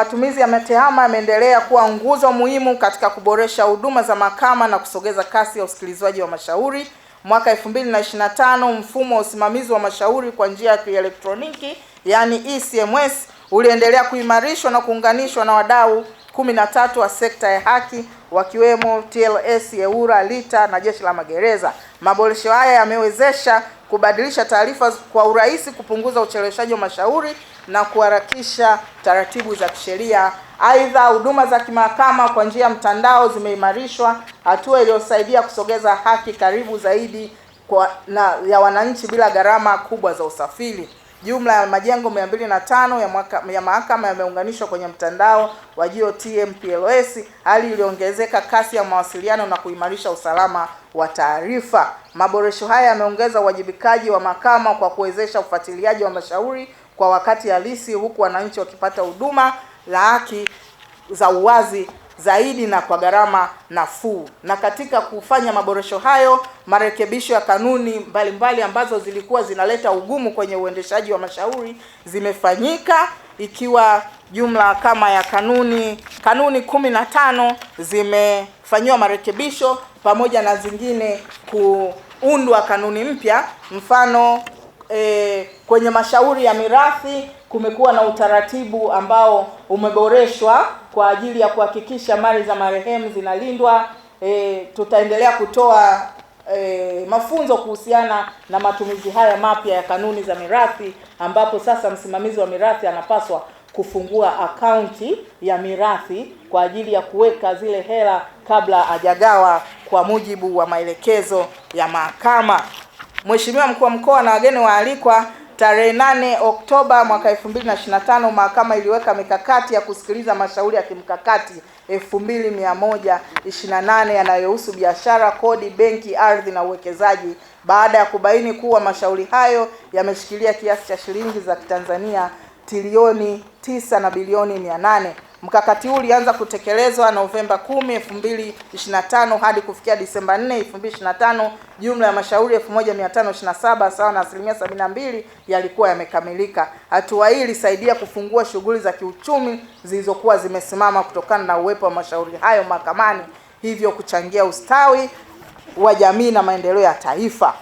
Matumizi ya TEHAMA yameendelea kuwa nguzo muhimu katika kuboresha huduma za mahakama na kusogeza kasi ya usikilizwaji wa mashauri. Mwaka 2025 mfumo wa usimamizi wa mashauri kwa njia ya kielektroniki yani ECMS uliendelea kuimarishwa na kuunganishwa na wadau 13 wa sekta ya haki wakiwemo TLS, EWURA, LITA na Jeshi la Magereza. Maboresho haya yamewezesha kubadilisha taarifa kwa urahisi, kupunguza ucheleweshaji wa mashauri na kuharakisha taratibu za kisheria. Aidha, huduma za kimahakama kwa njia ya mtandao zimeimarishwa, hatua iliyosaidia kusogeza haki karibu zaidi kwa na ya wananchi bila gharama kubwa za usafiri. Jumla ya majengo 205 ya ya mahakama yameunganishwa kwenye mtandao wa GOTM hali iliyoongezeka kasi ya mawasiliano na kuimarisha usalama wa taarifa. Maboresho haya yameongeza uwajibikaji wa mahakama kwa kuwezesha ufuatiliaji wa mashauri kwa wakati halisi, huku wananchi wakipata huduma za haki za uwazi zaidi na kwa gharama nafuu. Na katika kufanya maboresho hayo, marekebisho ya kanuni mbalimbali mbali ambazo zilikuwa zinaleta ugumu kwenye uendeshaji wa mashauri zimefanyika, ikiwa jumla kama ya kanuni kanuni kumi na tano zimefanyiwa marekebisho pamoja na zingine kuundwa kanuni mpya mfano e, kwenye mashauri ya mirathi kumekuwa na utaratibu ambao umeboreshwa kwa ajili ya kuhakikisha mali za marehemu zinalindwa. E, tutaendelea kutoa e, mafunzo kuhusiana na matumizi haya mapya ya kanuni za mirathi, ambapo sasa msimamizi wa mirathi anapaswa kufungua akaunti ya mirathi kwa ajili ya kuweka zile hela kabla hajagawa, kwa mujibu wa maelekezo ya mahakama. Mheshimiwa mkuu wa mkoa na wageni waalikwa, tarehe nane Oktoba mwaka 2025 mahakama iliweka mikakati ya kusikiliza mashauri ya kimkakati 2128 yanayohusu biashara, kodi, benki, ardhi na uwekezaji baada ya kubaini kuwa mashauri hayo yameshikilia kiasi cha shilingi za Kitanzania trilioni 9 na bilioni 800 Mkakati huu ulianza kutekelezwa Novemba 10, 2025 hadi kufikia Disemba 4, 2025. Jumla ya mashauri 1527 sawa na asilimia 72 yalikuwa yamekamilika. Hatua hii ilisaidia kufungua shughuli za kiuchumi zilizokuwa zimesimama kutokana na uwepo wa mashauri hayo mahakamani, hivyo kuchangia ustawi wa jamii na maendeleo ya taifa.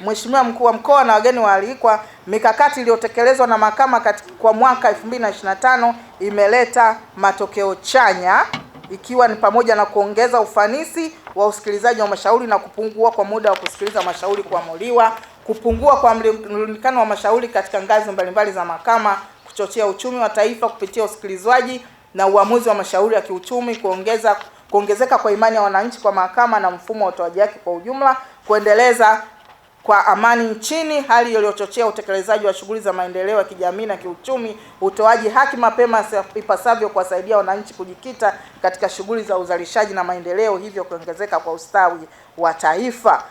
Mheshimiwa Mkuu wa Mkoa na wageni waalikwa, mikakati iliyotekelezwa na mahakama kwa mwaka 2025 imeleta matokeo chanya ikiwa ni pamoja na kuongeza ufanisi wa usikilizaji wa mashauri na kupungua kwa muda wa kusikiliza mashauri kuamuliwa, kupungua kwa mlundikano wa mashauri katika ngazi mbalimbali za mahakama, kuchochea uchumi wa taifa kupitia usikilizwaji na uamuzi wa mashauri ya kiuchumi, kuongeza kuongezeka kwa imani ya wananchi kwa mahakama na mfumo wa utoaji haki kwa ujumla, kuendeleza kwa amani nchini, hali iliyochochea utekelezaji wa shughuli za maendeleo ya kijamii na kiuchumi, utoaji haki mapema ipasavyo, kuwasaidia wananchi kujikita katika shughuli za uzalishaji na maendeleo, hivyo kuongezeka kwa ustawi wa taifa.